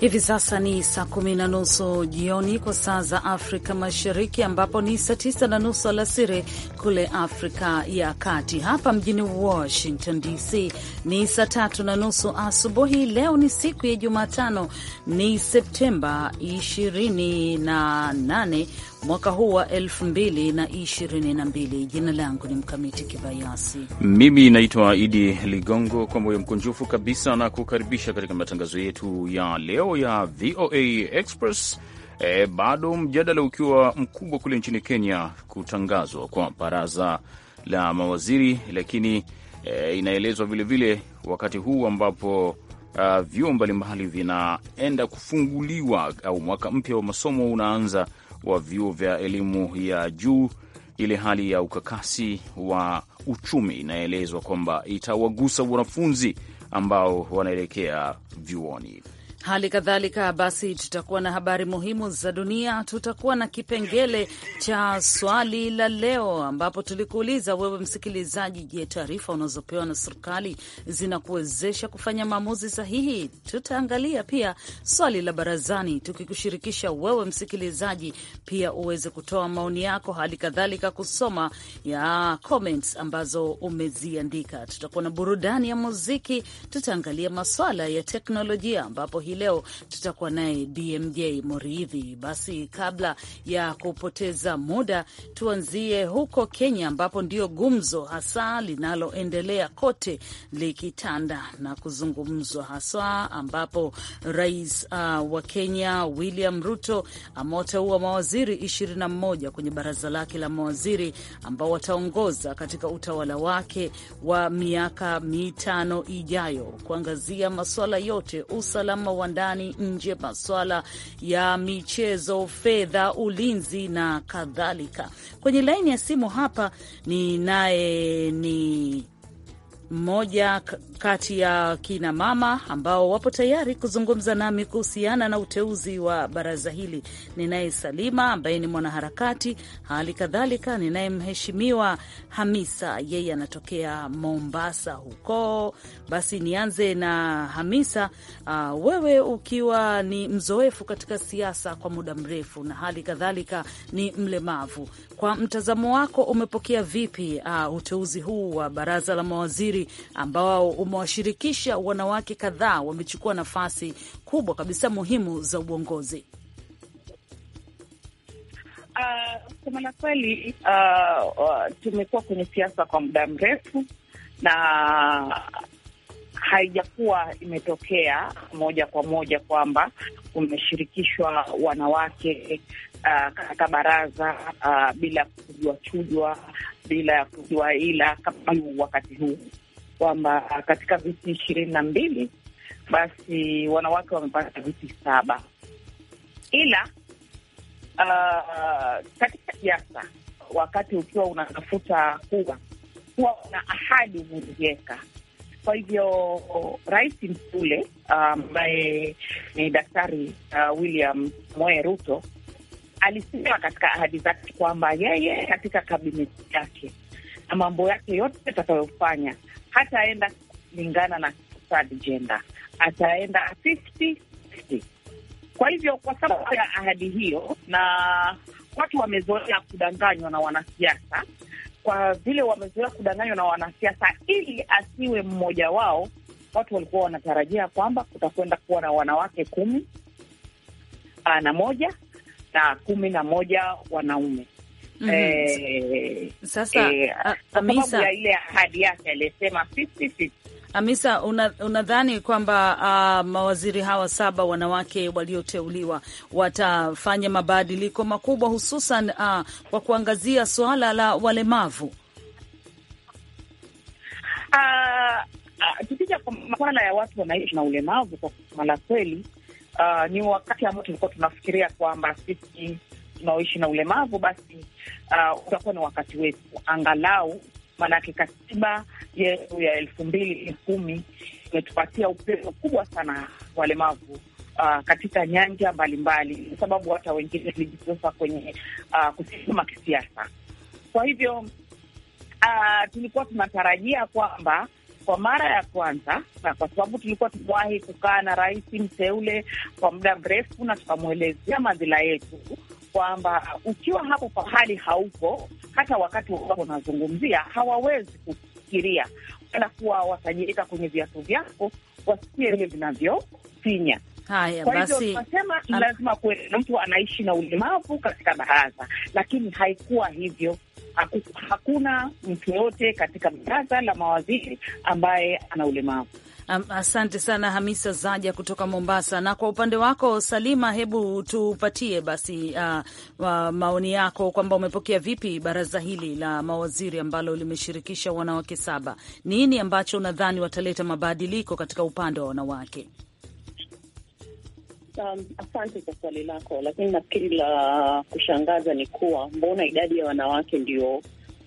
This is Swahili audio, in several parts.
Hivi sasa ni saa kumi na nusu jioni kwa saa za Afrika Mashariki, ambapo ni saa tisa na nusu alasiri kule Afrika ya Kati. Hapa mjini Washington DC ni saa tatu na nusu asubuhi. Leo ni siku ya Jumatano, ni Septemba 28 mwaka huu wa 2022. Jina langu ni Mkamiti Kibayasi, mimi naitwa Idi Ligongo. Kwa moyo mkunjufu kabisa na kukaribisha katika matangazo yetu ya leo ya VOA Express. E, bado mjadala ukiwa mkubwa kule nchini Kenya kutangazwa kwa baraza la mawaziri, lakini e, inaelezwa vilevile wakati huu ambapo e, vyuo mbalimbali vinaenda kufunguliwa au mwaka mpya wa masomo unaanza wa vyuo vya elimu ya juu, ile hali ya ukakasi wa uchumi inaelezwa kwamba itawagusa wanafunzi ambao wanaelekea vyuoni. Hali kadhalika basi, tutakuwa na habari muhimu za dunia, tutakuwa na kipengele cha swali la leo, ambapo tulikuuliza wewe msikilizaji, je, taarifa unazopewa na serikali zinakuwezesha kufanya maamuzi sahihi? Tutaangalia pia swali la barazani, tukikushirikisha wewe msikilizaji pia uweze kutoa maoni yako, hali kadhalika kusoma ya comments ambazo umeziandika. Tutakuwa na burudani ya muziki, tutaangalia maswala ya teknolojia ambapo hii leo tutakuwa naye BMJ Moridhi. Basi kabla ya kupoteza muda, tuanzie huko Kenya ambapo ndio gumzo hasa linaloendelea kote likitanda na kuzungumzwa haswa, ambapo rais uh, wa Kenya William Ruto amewateua mawaziri 21 kwenye baraza lake la mawaziri ambao wataongoza katika utawala wake wa miaka mitano ijayo kuangazia masuala yote usalama wa ndani nje, maswala ya michezo, fedha, ulinzi na kadhalika. Kwenye laini ya simu hapa ni naye ni mmoja kati ya kina mama ambao wapo tayari kuzungumza nami kuhusiana na uteuzi wa baraza hili. Ninaye Salima ambaye ni mwanaharakati, hali kadhalika ninaye Mheshimiwa Hamisa, yeye anatokea Mombasa huko. Basi nianze na Hamisa. Uh, wewe ukiwa ni mzoefu katika siasa kwa muda mrefu na hali kadhalika ni mlemavu, kwa mtazamo wako umepokea vipi uh, uteuzi huu wa baraza la mawaziri utabiri ambao umewashirikisha wanawake kadhaa, wamechukua nafasi kubwa kabisa muhimu za uongozi. Ah, kusema uh, na kweli uh, uh, tumekuwa kwenye siasa kwa muda mrefu na haijakuwa imetokea moja kwa moja kwamba kumeshirikishwa wanawake uh, katika baraza uh, bila kujua chujwa bila kujua ila kama wakati huu kwamba katika viti ishirini na mbili basi wanawake wamepata viti saba, ila uh, katika siasa wakati ukiwa unatafuta kuwa huwa una ahadi huongezeka. Kwa hivyo rais mteule uh, ambaye um, ni Daktari uh, William Moe Ruto alisema katika ahadi zake kwamba yeye katika kabineti yake na mambo yake yote atakayofanya hataenda kulingana na third gender, ataenda 50 50. Kwa hivyo kwa sababu ya ahadi hiyo, na watu wamezoea kudanganywa na wanasiasa, kwa vile wamezoea kudanganywa na wanasiasa ili asiwe mmoja wao, watu walikuwa wanatarajia kwamba kutakwenda kuwa na wanawake kumi ah, na moja na kumi na moja wanaume mm -hmm. sasa eh, Amisa ya ile ahadi yake aliyesema fifty fifty. Amisa, unadhani una kwamba uh, mawaziri hawa saba wanawake walioteuliwa watafanya mabadiliko makubwa hususan uh, kwa kuangazia suala la walemavu? Uh, uh, tukija kwa masuala ya watu wanaishi na ulemavu, kwa kusema la kweli, uh, ni wakati ambao tulikuwa tunafikiria kwamba sisi tunaoishi na ulemavu, basi uh, utakuwa ni wakati wetu angalau, maanake katiba yetu ya elfu mbili kumi imetupatia upeo kubwa sana walemavu uh, katika nyanja mbalimbali kwa mbali, sababu hata wengine tulijitosa kwenye uh, kusimama kisiasa. Kwa hivyo uh, tulikuwa tunatarajia kwamba kwa mara ya kwanza na kwa sababu tulikuwa tumewahi kukaa na rais mteule kwa muda mrefu na tukamwelezea madhila yetu, kwamba ukiwa hapo pahali haupo, hata wakati ambapo unazungumzia hawawezi kufikiria wala kuwa watajirika kwenye viatu vyako wasikie vile vinavyofinya. Haya, kwa hivyo tunasema lazima kuwe mtu anaishi na ulemavu katika baraza, lakini haikuwa hivyo. Hakuna mtu yote katika baraza la mawaziri ambaye ana ulemavu. Asante sana Hamisa Zaja kutoka Mombasa. Na kwa upande wako Salima, hebu tupatie basi uh, maoni yako kwamba umepokea vipi baraza hili la mawaziri ambalo limeshirikisha wanawake saba. Nini ambacho unadhani wataleta mabadiliko katika upande wa wanawake? Um, asante kwa swali lako, lakini nafikiri la kushangaza ni kuwa mbona idadi ya wanawake ndio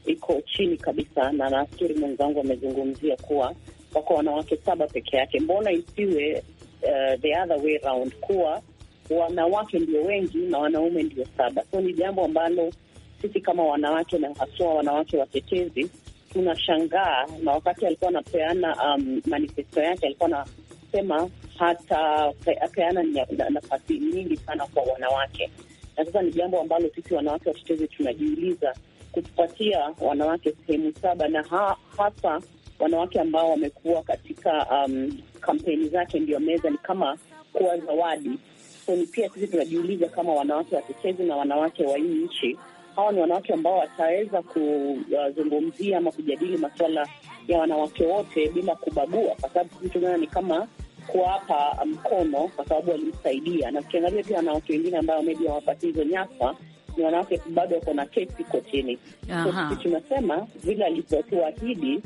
iko chini kabisa, na nafikiri mwenzangu amezungumzia kuwa wako wanawake saba peke yake. Mbona isiwe uh, the other way round, kuwa wanawake ndio wengi na wanaume ndio saba? So ni jambo ambalo sisi kama wanawake na haswa wanawake watetezi tunashangaa, na wakati alikuwa anapeana um, manifesto yake alikuwa anasema hata peana nafasi nyingi sana kwa wanawake, na sasa ni jambo ambalo sisi wanawake watetezi tunajiuliza, kutupatia wanawake sehemu saba na ha, hasa wanawake ambao wamekuwa katika um, kampeni zake ndio meza ni kama kuwa zawadi. So ni pia sisi tunajiuliza kama wanawake watetezi na wanawake wa hii nchi, hawa ni wanawake ambao wataweza kuzungumzia ama kujadili masuala ya wanawake wote bila kubagua, kwa sababu sisi tunaona ni kama kuwapa mkono kwa sababu walimsaidia. Na tukiangalia pia wanawake wengine ambao maybe hawapati hizo nyafa ni wanawake bado wako na kesi kotini. So sisi tunasema vile alivyotuahidi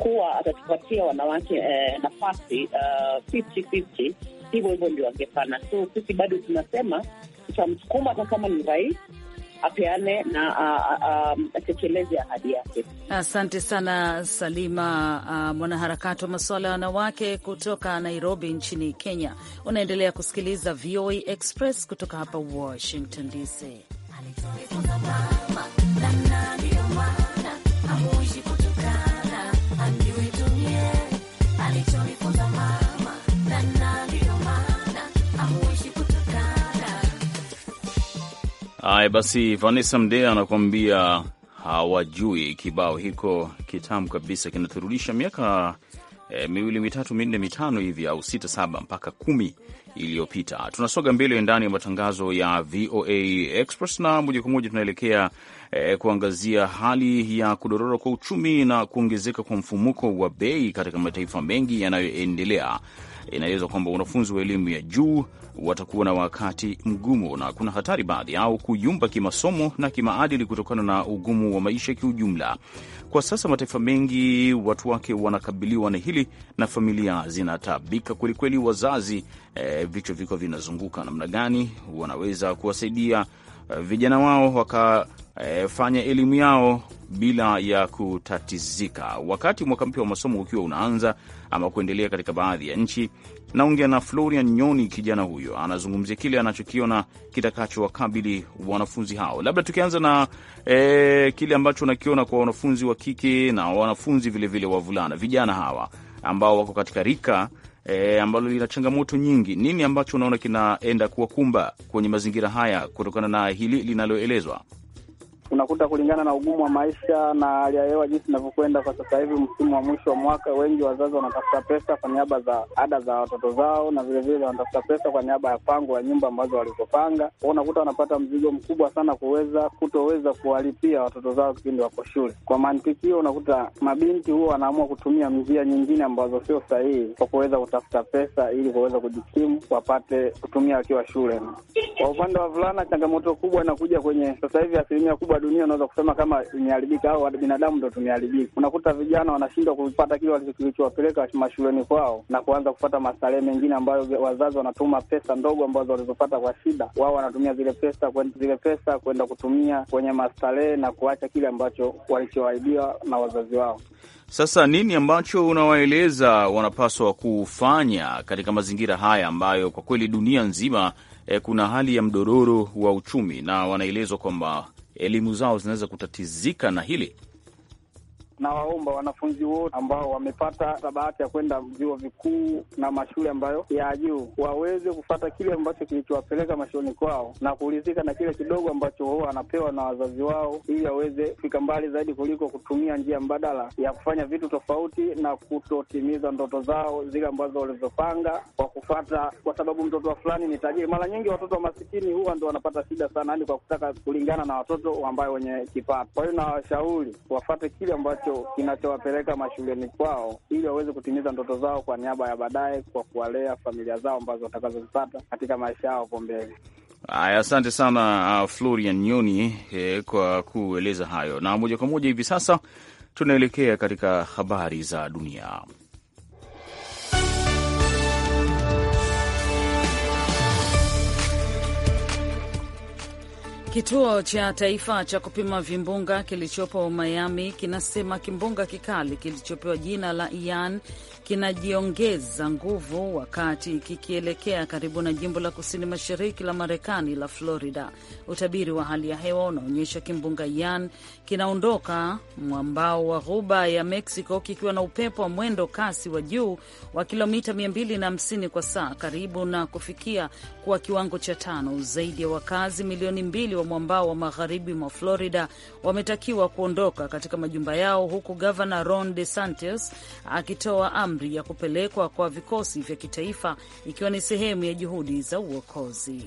kuwa atatupatia wanawake eh, nafasi eh, fifty fifty, hivyo hivyo ndio angefana. So sisi bado tunasema tutamsukuma hata kama ni rais apeane na atekeleze ahadi yake. Asante sana Salima, mwanaharakati wa masuala ya wanawake kutoka Nairobi nchini Kenya. Unaendelea kusikiliza VOA Express kutoka hapa Washington DC. Haya basi, Vanessa Mdea anakuambia hawajui kibao hiko kitamu kabisa, kinaturudisha miaka e, miwili mitatu minne mitano hivi au sita saba mpaka kumi iliyopita. tunasoga mbele ndani ya matangazo ya VOA Express na moja kwa moja tunaelekea e, kuangazia hali ya kudorora kwa uchumi na kuongezeka kwa mfumuko wa bei katika mataifa mengi yanayoendelea inaelezwa kwamba wanafunzi wa elimu ya juu watakuwa na wakati mgumu na kuna hatari baadhi yao kuyumba kimasomo na kimaadili kutokana na ugumu wa maisha kiujumla. Kwa sasa mataifa mengi watu wake wanakabiliwa na hili na familia zinatabika kwelikweli. Wazazi e, vichwa viko vinazunguka namna gani wanaweza kuwasaidia e, vijana wao waka e, fanya elimu yao bila ya kutatizika. Wakati mwaka mpya wa masomo ukiwa unaanza ama kuendelea katika baadhi ya nchi, naongea na Florian Nyoni. Kijana huyo anazungumzia kile anachokiona kitakachowakabili wanafunzi hao. Labda tukianza na e, kile ambacho unakiona kwa wanafunzi wa kike na wanafunzi vilevile wavulana, vijana hawa ambao wako katika rika E, ambalo lina changamoto nyingi. Nini ambacho unaona kinaenda kuwakumba kwenye mazingira haya kutokana na hili linaloelezwa? unakuta kulingana na ugumu wa maisha na hali ya hewa jinsi inavyokwenda kwa sasa hivi, msimu wa mwisho wa mwaka, wengi wazazi wanatafuta pesa kwa niaba za ada za watoto zao, na vilevile wanatafuta pesa kwa niaba ya pango ya nyumba ambazo walizopanga. Unakuta wanapata mzigo mkubwa sana kuweza kutoweza kuwalipia watoto zao kipindi wako shule. Kwa mantiki hiyo, unakuta mabinti huwa wanaamua kutumia njia nyingine ambazo sio sahihi kwa kuweza kutafuta pesa ili kuweza kujikimu, wapate kutumia wakiwa shule. Kwa upande wa vulana, changamoto kubwa inakuja kwenye sasa hivi asilimia kubwa dunia unaweza kusema kama imeharibika au binadamu ndo tumeharibika. Unakuta vijana wanashindwa kupata kile kilichowapeleka mashuleni kwao na kuanza kupata mastarehe mengine ambayo wazazi wanatuma pesa ndogo ambazo walizopata kwa shida, wao wanatumia zile pesa zile pesa kwenda kutumia kwenye mastarehe na kuacha kile ambacho walichoahidiwa na wazazi wao. Sasa nini ambacho unawaeleza wanapaswa kufanya katika mazingira haya ambayo kwa kweli dunia nzima eh, kuna hali ya mdororo wa uchumi na wanaelezwa kwamba elimu zao zinaweza kutatizika na hili? Nawaomba wanafunzi wote ambao wamepata bahati ya kwenda vyuo vikuu na mashule ambayo ya juu waweze kufata kile ambacho kilichowapeleka mashuleni kwao na kuridhika na kile kidogo ambacho huwa wanapewa na wazazi wao, ili waweze kufika mbali zaidi kuliko kutumia njia mbadala ya kufanya vitu tofauti na kutotimiza ndoto zao zile ambazo walizopanga kwa kufata, kwa sababu mtoto wa fulani ni tajiri. Mara nyingi watoto wa masikini huwa ndo wanapata shida sana, yani kwa kutaka kulingana na watoto ambayo wenye kipato. Kwa hiyo nawashauri wafate kile ambacho ambacho kinachowapeleka mashuleni kwao ili waweze kutimiza ndoto zao kwa niaba ya baadaye, kwa kuwalea familia zao ambazo watakazozipata katika maisha yao hapo mbele. Aya, asante sana uh, Florian Nyoni eh, kwa kueleza hayo, na moja kwa moja hivi sasa tunaelekea katika habari za dunia. Kituo cha taifa cha kupima vimbunga kilichopo Miami kinasema kimbunga kikali kilichopewa jina la Ian kinajiongeza nguvu wakati kikielekea karibu na jimbo la kusini mashariki la Marekani la Florida. Utabiri wa hali ya hewa unaonyesha kimbunga Ian kinaondoka mwambao wa ghuba ya Mexico kikiwa na upepo wa mwendo kasi wa juu wa kilomita 250 kwa saa, karibu na kufikia kuwa kiwango cha tano. Zaidi ya wakazi milioni mbili wa mwambao wa magharibi mwa Florida wametakiwa kuondoka katika majumba yao, huku gavana Ron De Santis akitoa amri ya kupelekwa kwa vikosi vya kitaifa ikiwa ni sehemu ya juhudi za uokozi.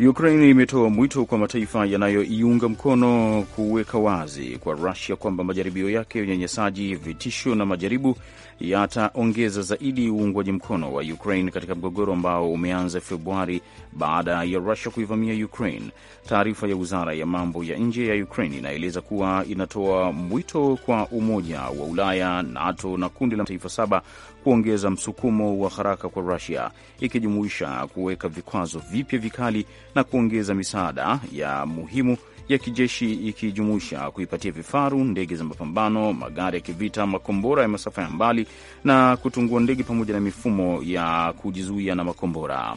Ukraine imetoa mwito kwa mataifa yanayoiunga mkono kuweka wazi kwa Rusia kwamba majaribio yake ya unyanyasaji, vitisho na majaribu yataongeza zaidi uungwaji mkono wa Ukraine katika mgogoro ambao umeanza Februari baada ya Rusia kuivamia Ukraine. Taarifa ya wizara ya mambo ya nje ya Ukraine inaeleza kuwa inatoa mwito kwa Umoja wa Ulaya, NATO na kundi la mataifa saba kuongeza msukumo wa haraka kwa Rusia, ikijumuisha kuweka vikwazo vipya vikali na kuongeza misaada ya muhimu ya kijeshi ikijumuisha kuipatia vifaru, ndege za mapambano, magari ya kivita, makombora ya masafa ya mbali na kutungua ndege pamoja na mifumo ya kujizuia na makombora.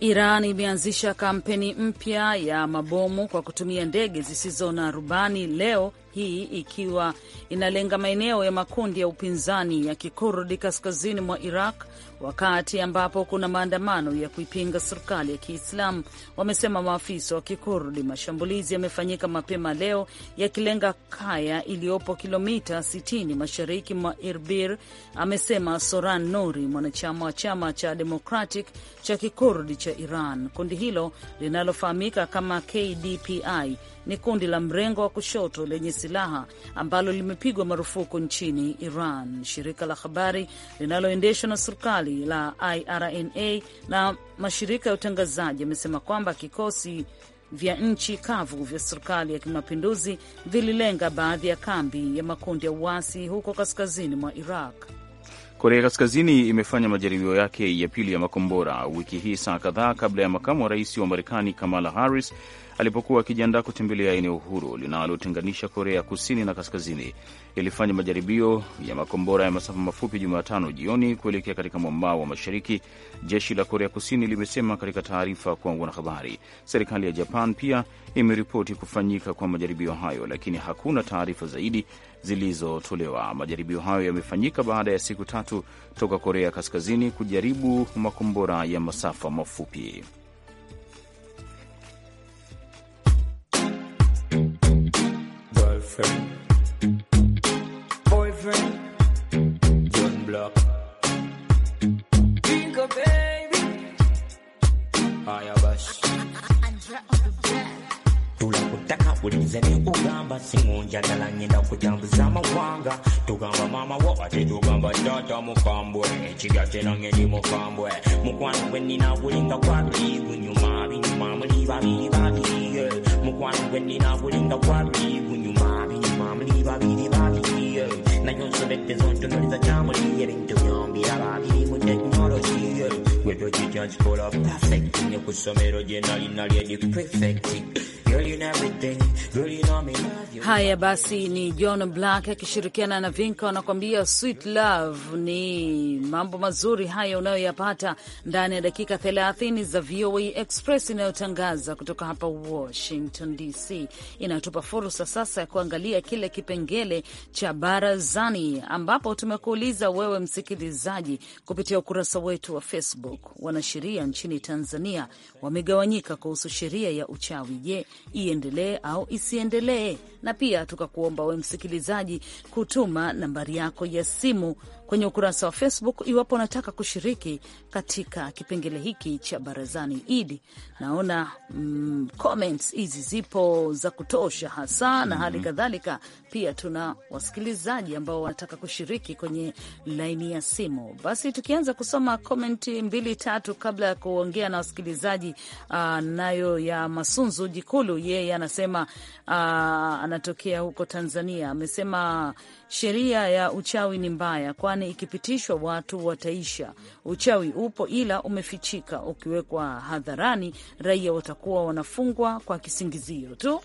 Iran imeanzisha kampeni mpya ya mabomu kwa kutumia ndege zisizo na rubani leo hii ikiwa inalenga maeneo ya makundi ya upinzani ya Kikurdi kaskazini mwa Iraq, wakati ambapo kuna maandamano ya kuipinga serikali ya Kiislamu, wamesema maafisa wa Kikurdi. Mashambulizi yamefanyika mapema leo yakilenga kaya iliyopo kilomita 60 mashariki mwa irbir amesema Soran Nuri, mwanachama wa chama cha Democratic cha Kikurdi cha Iran. Kundi hilo linalofahamika kama KDPI ni kundi la mrengo wa kushoto lenye silaha ambalo limepigwa marufuku nchini Iran. Shirika la habari linaloendeshwa na serikali la IRNA na mashirika ya utangazaji yamesema kwamba kikosi vya nchi kavu vya serikali ya kimapinduzi vililenga baadhi ya kambi ya makundi ya uasi huko kaskazini mwa Iraq. Korea Kaskazini imefanya majaribio yake ya pili ya makombora wiki hii, saa kadhaa kabla ya makamu wa rais wa Marekani Kamala Harris alipokuwa akijiandaa kutembelea eneo huru linalotenganisha Korea kusini na kaskazini. Ilifanya majaribio ya makombora ya masafa mafupi Jumatano jioni kuelekea katika mwambao wa mashariki, jeshi la Korea kusini limesema katika taarifa kwa wanahabari. Serikali ya Japan pia imeripoti kufanyika kwa majaribio hayo, lakini hakuna taarifa zaidi zilizotolewa. Majaribio hayo yamefanyika baada ya siku tatu toka Korea kaskazini kujaribu makombora ya masafa mafupi. boyfriend. Boyfriend, one block. Bingo, baby. Aya bash. tula kutaka ulize ni ugamba singunjagala ngenda kutambuza amawanga tugamba mama wo ate tugamba tata mukambwe ekiga kyerange ndi mukambwe mukwano gwe nnina gulinga gwabiri gunyuma ni muliba biri babiye mukwano gwe nnina gulinga gwabiri gunyuma family babiri babiri Nayon sürekli zonçunur da çamur yerin dünyan bir ababiri bu teknoloji Web your full of perfect Yine kusum erogen alinal yedik prefektik Haya basi, ni John Black akishirikiana na Vinka wanakuambia sweet love. Ni mambo mazuri hayo unayoyapata ndani ya dakika 30 za VOA Express inayotangaza kutoka hapa Washington DC. Inatupa fursa sasa ya kuangalia kile kipengele cha barazani, ambapo tumekuuliza wewe msikilizaji kupitia ukurasa wetu wa Facebook, wanasheria nchini Tanzania wamegawanyika kuhusu sheria ya uchawi. Je, iendelee au isiendelee, na pia tukakuomba we msikilizaji kutuma nambari yako ya simu kwenye ukurasa wa Facebook iwapo unataka kushiriki katika kipengele hiki cha barazani. Idi, naona mm, comments hizi zipo za kutosha hasa na mm -hmm. hali kadhalika pia tuna wasikilizaji ambao wanataka kushiriki kwenye laini ya simu. Basi tukianza kusoma komenti mbili tatu kabla ya kuongea na wasikilizaji uh, nayo ya Masunzu Jikulu, yeye anasema uh, anatokea huko Tanzania, amesema Sheria ya uchawi ni mbaya, kwani ikipitishwa watu wataisha. Uchawi upo ila umefichika, ukiwekwa hadharani raia watakuwa wanafungwa kwa kisingizio tu.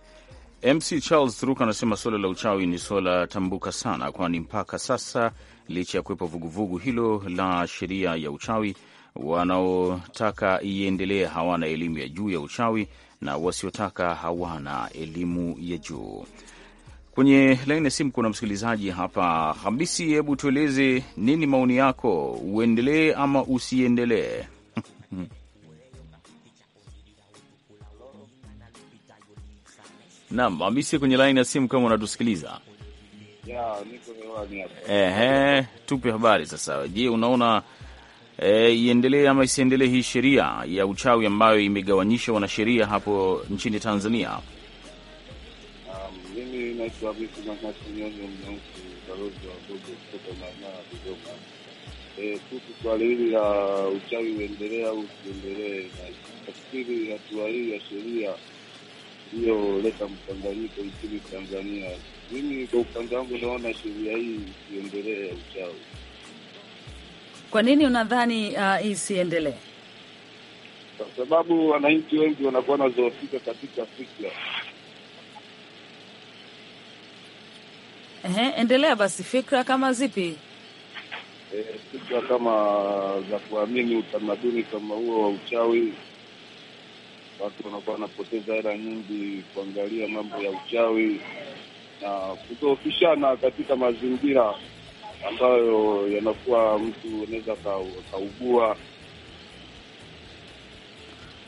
MC Charles Turuk anasema suala la uchawi ni suala tambuka sana, kwani mpaka sasa licha ya kuwepo vuguvugu hilo la sheria ya uchawi, wanaotaka iendelee hawana elimu ya juu ya uchawi na wasiotaka hawana elimu ya juu. Kwenye laini ya simu kuna msikilizaji hapa. Hamisi, hebu tueleze nini maoni yako, uendelee ama usiendelee? Naam, Hamisi kwenye laini ya simu, kama unatusikiliza ehe, tupe habari sasa. Je, unaona eh, iendelee ama isiendelee hii sheria ya uchawi ambayo imegawanyisha wanasheria hapo nchini Tanzania? Tuwabiki Makasinyono Mnyeusi, balozi wa kutoka maeneo ya Dodoma. E, kuhusu swali hili la uchawi uendelee au usiendelee, nafikiri hatua hii ya sheria iliyoleta mchanganyiko nchini Tanzania, mimi kwa upande wangu naona sheria hii isiendelee ya uchawi. Kwa nini unadhani uh, isiendelee? Kwa sababu wananchi wengi wanakuwa wanazoofika katika fikra Ehe, endelea basi. Fikra kama zipi? E, fikra kama za kuamini utamaduni kama huo wa uchawi. Watu wanakuwa wanapoteza hela nyingi kuangalia mambo ya uchawi na kutoofishana katika mazingira ambayo yanakuwa mtu anaweza akaugua.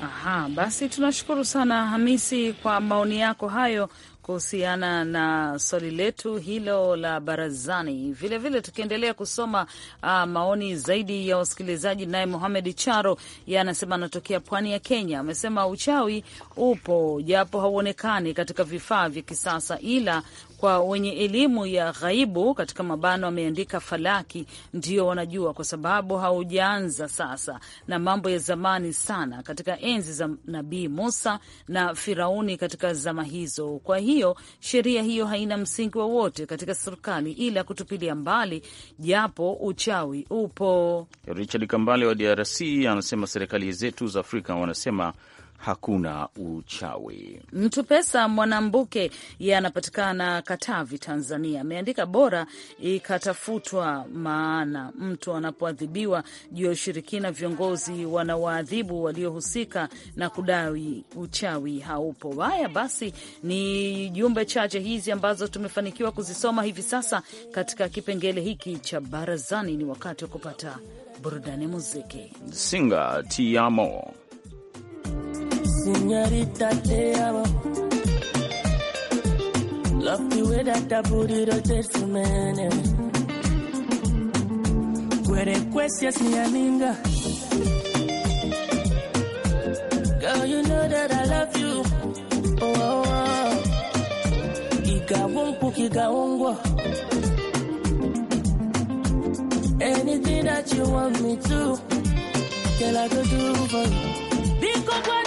Aha, basi tunashukuru sana Hamisi kwa maoni yako hayo kuhusiana na swali letu hilo la barazani. Vilevile tukiendelea kusoma uh, maoni zaidi ya wasikilizaji, naye muhamed Charo ye anasema anatokea pwani ya Kenya. Amesema uchawi upo japo hauonekani katika vifaa vya kisasa, ila kwa wenye elimu ya ghaibu katika mabano ameandika falaki, ndio wanajua kwa sababu haujaanza sasa, na mambo ya zamani sana katika enzi za Nabii Musa na Firauni katika zama hizo. Kwa hiyo sheria hiyo haina msingi wowote katika serikali, ila kutupilia mbali, japo uchawi upo. Richard Kambale wa DRC anasema serikali zetu za Afrika wanasema hakuna uchawi. Mtu Pesa Mwanambuke ye anapatikana Katavi, Tanzania, ameandika bora ikatafutwa maana mtu anapoadhibiwa juu ya ushirikina, viongozi wanawaadhibu waliohusika na kudai uchawi haupo. Haya basi, ni jumbe chache hizi ambazo tumefanikiwa kuzisoma hivi sasa katika kipengele hiki cha barazani. Ni wakati wa kupata burudani muziki, singa tiamo Senorita, te amo. Love the way that put that booty rotates, man. Querequecia, amiga. Girl, you know that I love you. Oh, oh, oh. Igawumpu, Igawungwa. Anything that you want me to, girl, I go do for you. Because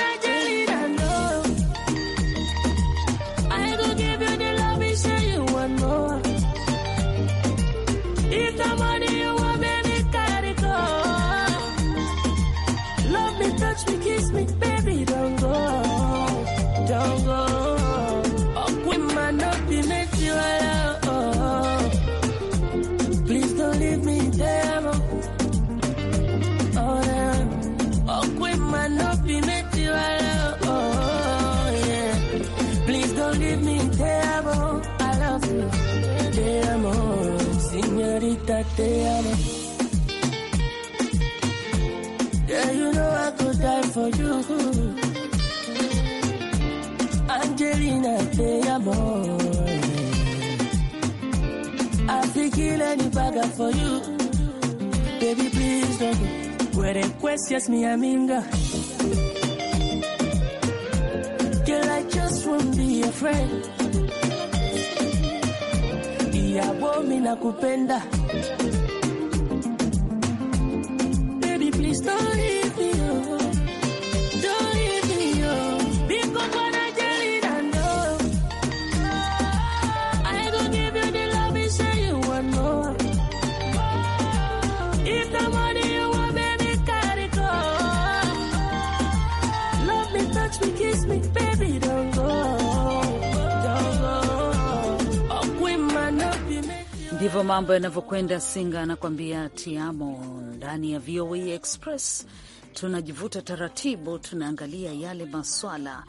你的。Angelina Playboy I be killing the bag for you Baby please don't go Where the questions me aminga Girl I just won't be your friend Iya bo mi nakupenda ndivyo mambo yanavyokwenda. Singa anakuambia tiamo ndani ya VOA Express. Tunajivuta taratibu, tunaangalia yale maswala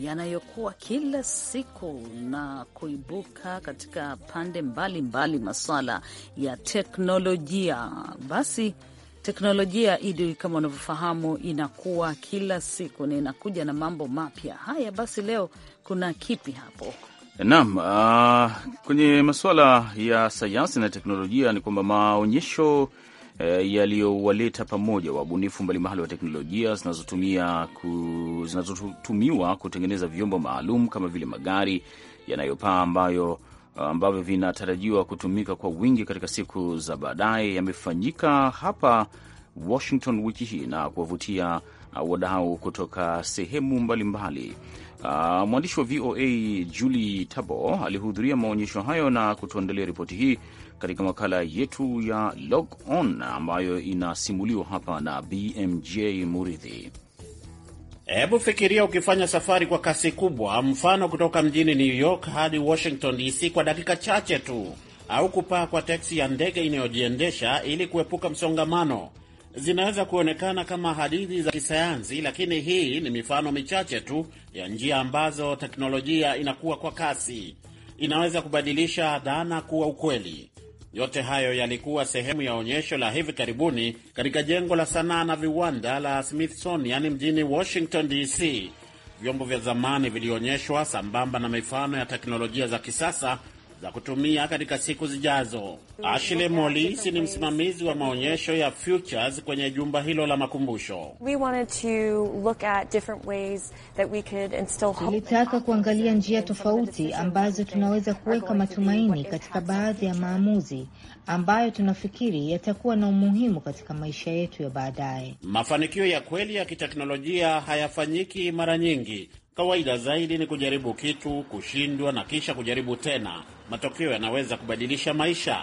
yanayokuwa kila siku na kuibuka katika pande mbalimbali mbali, maswala ya teknolojia. Basi teknolojia idi, kama unavyofahamu, inakuwa kila siku na inakuja na mambo mapya. Haya basi, leo kuna kipi hapo? Naam, uh, kwenye masuala ya sayansi na teknolojia ni kwamba maonyesho uh, yaliyowaleta pamoja wabunifu mbalimbali wa teknolojia zinazotumia ku, zinazotumiwa kutengeneza vyombo maalum kama vile magari yanayopaa ambayo ah, ambavyo vinatarajiwa kutumika kwa wingi katika siku za baadaye yamefanyika hapa Washington wiki hii na kuwavutia ah, wadau kutoka sehemu mbalimbali mbali. Uh, mwandishi wa VOA Julie Tabo alihudhuria maonyesho hayo na kutuandalia ripoti hii katika makala yetu ya Log On ambayo inasimuliwa hapa na BMJ Muridhi. Hebu fikiria ukifanya safari kwa kasi kubwa, mfano kutoka mjini New York hadi Washington DC kwa dakika chache tu, au kupaa kwa teksi ya ndege inayojiendesha ili kuepuka msongamano zinaweza kuonekana kama hadithi za kisayansi, lakini hii ni mifano michache tu ya njia ambazo teknolojia inakuwa kwa kasi, inaweza kubadilisha dhana kuwa ukweli. Yote hayo yalikuwa sehemu ya onyesho la hivi karibuni katika jengo la sanaa na viwanda la Smithsonian mjini Washington DC. Vyombo vya zamani vilionyeshwa sambamba na mifano ya teknolojia za kisasa za kutumia katika siku zijazo. Ashley Molisi ni msimamizi wa maonyesho ya Futures kwenye jumba hilo la makumbusho. Tulitaka kuangalia njia tofauti ambazo tunaweza kuweka matumaini katika baadhi ya maamuzi ambayo tunafikiri yatakuwa na umuhimu katika maisha yetu ya baadaye. Mafanikio ya kweli ya kiteknolojia hayafanyiki mara nyingi Kawaida zaidi ni kujaribu kitu, kushindwa na kisha kujaribu tena. Matokeo yanaweza kubadilisha maisha.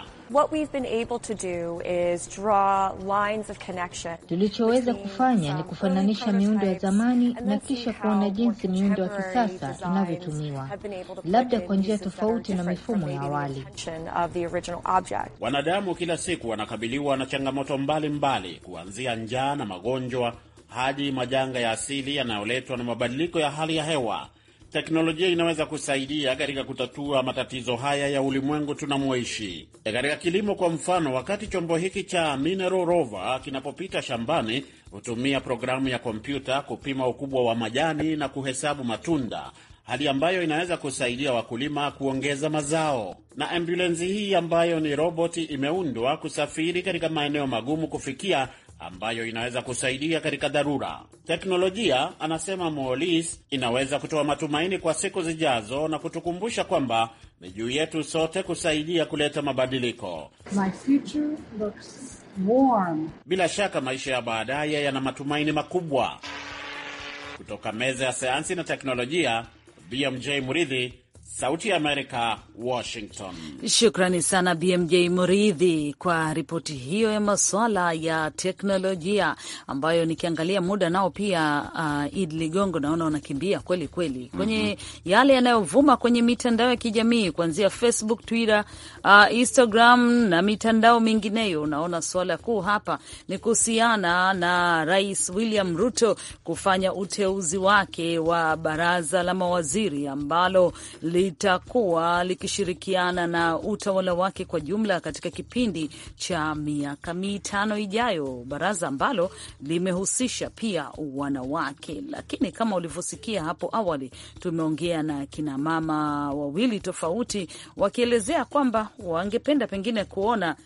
Tulichoweza kufanya ni kufananisha miundo ya zamani na kisha kuona jinsi miundo ya kisasa inavyotumiwa, labda kwa njia tofauti na mifumo ya awali. Wanadamu kila siku wanakabiliwa na changamoto mbalimbali kuanzia njaa na magonjwa hadi majanga ya asili yanayoletwa na mabadiliko ya hali ya hewa. Teknolojia inaweza kusaidia katika kutatua matatizo haya ya ulimwengu tunamoishi. Katika kilimo, kwa mfano, wakati chombo hiki cha mineral rover kinapopita shambani hutumia programu ya kompyuta kupima ukubwa wa majani na kuhesabu matunda, hali ambayo inaweza kusaidia wakulima kuongeza mazao. Na ambulensi hii ambayo ni roboti imeundwa kusafiri katika maeneo magumu kufikia ambayo inaweza kusaidia katika dharura. Teknolojia, anasema Molis, inaweza kutoa matumaini kwa siku zijazo na kutukumbusha kwamba ni juu yetu sote kusaidia kuleta mabadiliko. My future looks warm. Bila shaka maisha ya baadaye yana matumaini makubwa. Kutoka meza ya sayansi na teknolojia, BMJ Muridhi Sauti ya Amerika, Washington. Shukrani sana BMJ Muridhi kwa ripoti hiyo ya maswala ya teknolojia ambayo nikiangalia muda nao pia, uh, Id Ligongo, naona wanakimbia kweli kweli mhm. kwenye mm -hmm. yale yanayovuma kwenye mitandao ya kijamii kuanzia Facebook, Twitter, uh, Instagram na mitandao mingineyo. Unaona suala kuu hapa ni kuhusiana na Rais William Ruto kufanya uteuzi wake wa baraza la mawaziri ambalo litakuwa likishirikiana na utawala wake kwa jumla katika kipindi cha miaka mitano ijayo, baraza ambalo limehusisha pia wanawake. Lakini kama ulivyosikia hapo awali, tumeongea na kinamama wawili tofauti wakielezea kwamba wangependa pengine kuona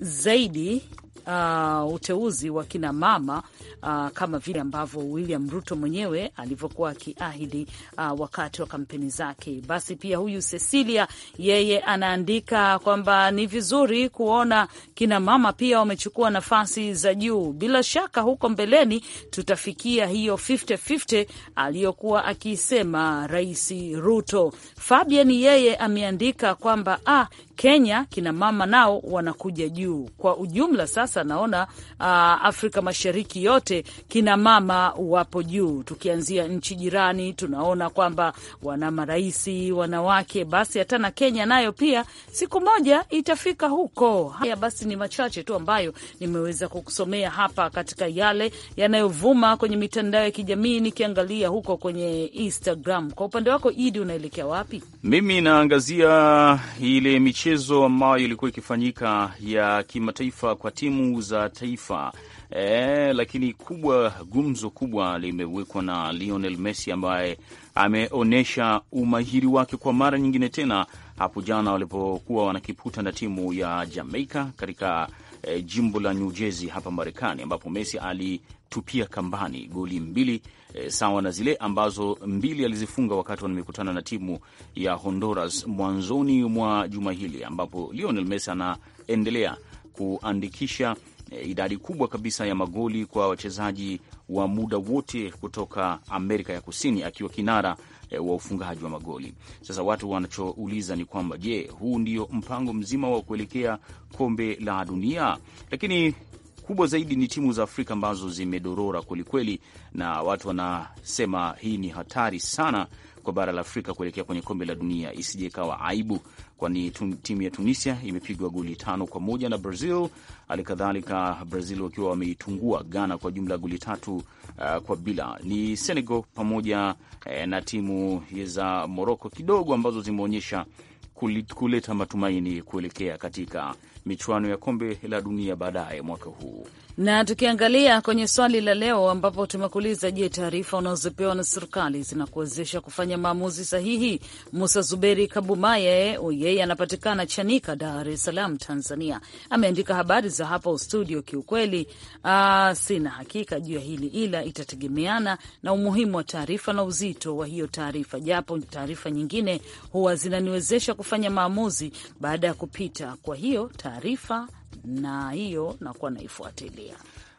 zaidi uh, uteuzi wa kina mama uh, kama vile ambavyo William Ruto mwenyewe alivyokuwa akiahidi uh, wakati wa kampeni zake. Basi pia huyu Cecilia yeye anaandika kwamba ni vizuri kuona kina mama pia wamechukua nafasi za juu. Bila shaka huko mbeleni tutafikia hiyo 50-50 aliyokuwa akisema Rais Ruto. Fabian yeye ameandika kwamba ah, Kenya kina mama nao wanakuja juu kwa ujumla. Sasa naona uh, Afrika Mashariki yote kina mama wapo juu, tukianzia nchi jirani tunaona kwamba wana maraisi wanawake, basi hata na Kenya nayo pia siku moja itafika huko. Haya basi, ni machache tu ambayo nimeweza kukusomea hapa katika yale yanayovuma kwenye mitandao ya kijamii, nikiangalia huko kwenye Instagram. Kwa upande wako Idi, unaelekea wapi? Mimi naangazia ile miche michezo ambayo ilikuwa ikifanyika ya kimataifa kwa timu za taifa e, lakini kubwa gumzo kubwa limewekwa na Lionel Messi ambaye ameonyesha umahiri wake kwa mara nyingine tena hapo jana walipokuwa wanakiputa na timu ya Jamaica katika e, jimbo la New Jersey hapa Marekani, ambapo Messi alitupia kambani goli mbili e, sawa na zile ambazo mbili alizifunga wakati wamekutana na timu ya Honduras mwanzoni mwa juma hili, ambapo Lionel Messi anaendelea kuandikisha eh, idadi kubwa kabisa ya magoli kwa wachezaji wa muda wote kutoka Amerika ya Kusini akiwa kinara Eh, wa ufungaji wa magoli. Sasa watu wanachouliza ni kwamba je, huu ndio mpango mzima wa kuelekea kombe la dunia? Lakini kubwa zaidi ni timu za Afrika ambazo zimedorora kwelikweli, na watu wanasema hii ni hatari sana kwa bara la Afrika kuelekea kwenye kombe la dunia, isije ikawa aibu, kwani timu ya Tunisia imepigwa goli tano kwa moja na Brazil. Hali kadhalika Brazil wakiwa wameitungua Ghana kwa jumla ya goli tatu uh, kwa bila. Ni Senegal pamoja eh, na timu za Moroko kidogo ambazo zimeonyesha kuleta matumaini kuelekea katika michuano ya kombe la dunia baadaye mwaka huu. Na tukiangalia kwenye swali la leo, ambapo tumekuuliza, je, taarifa unazopewa na serikali zinakuwezesha kufanya maamuzi sahihi? Musa Zuberi Kabumaye, yeye anapatikana Chanika, Dar es Salaam, Tanzania, ameandika habari za hapa studio. Kiukweli aa, ah, sina hakika juu ya hili, ila itategemeana na umuhimu wa taarifa na uzito wa hiyo taarifa, japo taarifa nyingine huwa zinaniwezesha kufanya maamuzi baada ya kupita, kwa hiyo taarifa na hiyo nakuwa naifuatilia.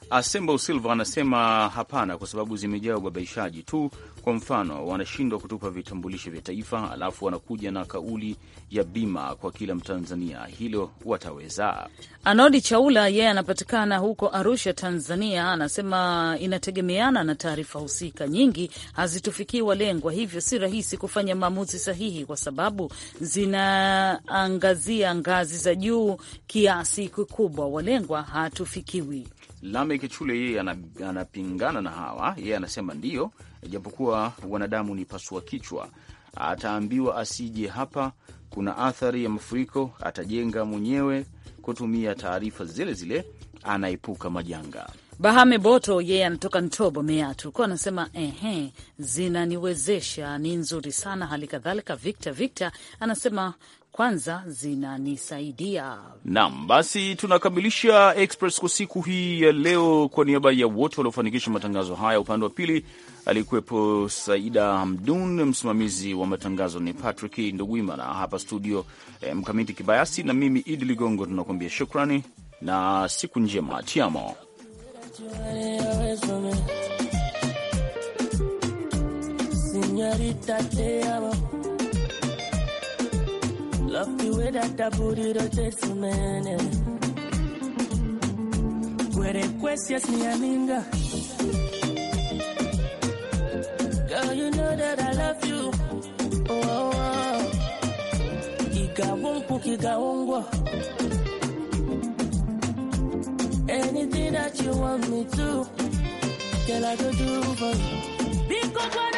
Asembo ah, Silva anasema hapana, kwa sababu zimejaa ubabaishaji tu. Kwa mfano, wanashindwa kutupa vitambulisho vya taifa, alafu wanakuja na kauli ya bima kwa kila Mtanzania. Hilo wataweza? Anodi Chaula yeye, yeah, anapatikana huko Arusha, Tanzania, anasema inategemeana na taarifa husika, nyingi hazitufikii walengwa, hivyo si rahisi kufanya maamuzi sahihi, kwa sababu zinaangazia ngazi za juu kiasi kikubwa, walengwa hatufikiwi. Lamek Chule yeye anapingana na hawa. Yeye anasema ndiyo, japokuwa wanadamu ni pasua kichwa. Ataambiwa asije hapa, kuna athari ya mafuriko, atajenga mwenyewe kutumia taarifa zile zile, anaepuka majanga. Bahame Boto yeye anatoka Ntobo Meatu kuwa anasema ehe, zinaniwezesha ni nzuri sana. Hali kadhalika Victor Victor anasema kwanza zinanisaidia. Naam, basi tunakamilisha Express kwa siku hii ya leo. Kwa niaba ya wote waliofanikisha matangazo haya, upande wa pili alikuwepo Saida Hamdun, msimamizi wa matangazo ni Patrick Nduwimana, hapa studio eh, Mkamiti Kibayasi na mimi Idi Ligongo, tunakuambia shukrani na siku njema, tiamo Love the way that the booty rotates, for Where the questions, mi amiga. Girl, you know that I love you. Oh, oh, oh. Kigawongu, kigawongu. Anything that you want me to, girl, I go do for you. Because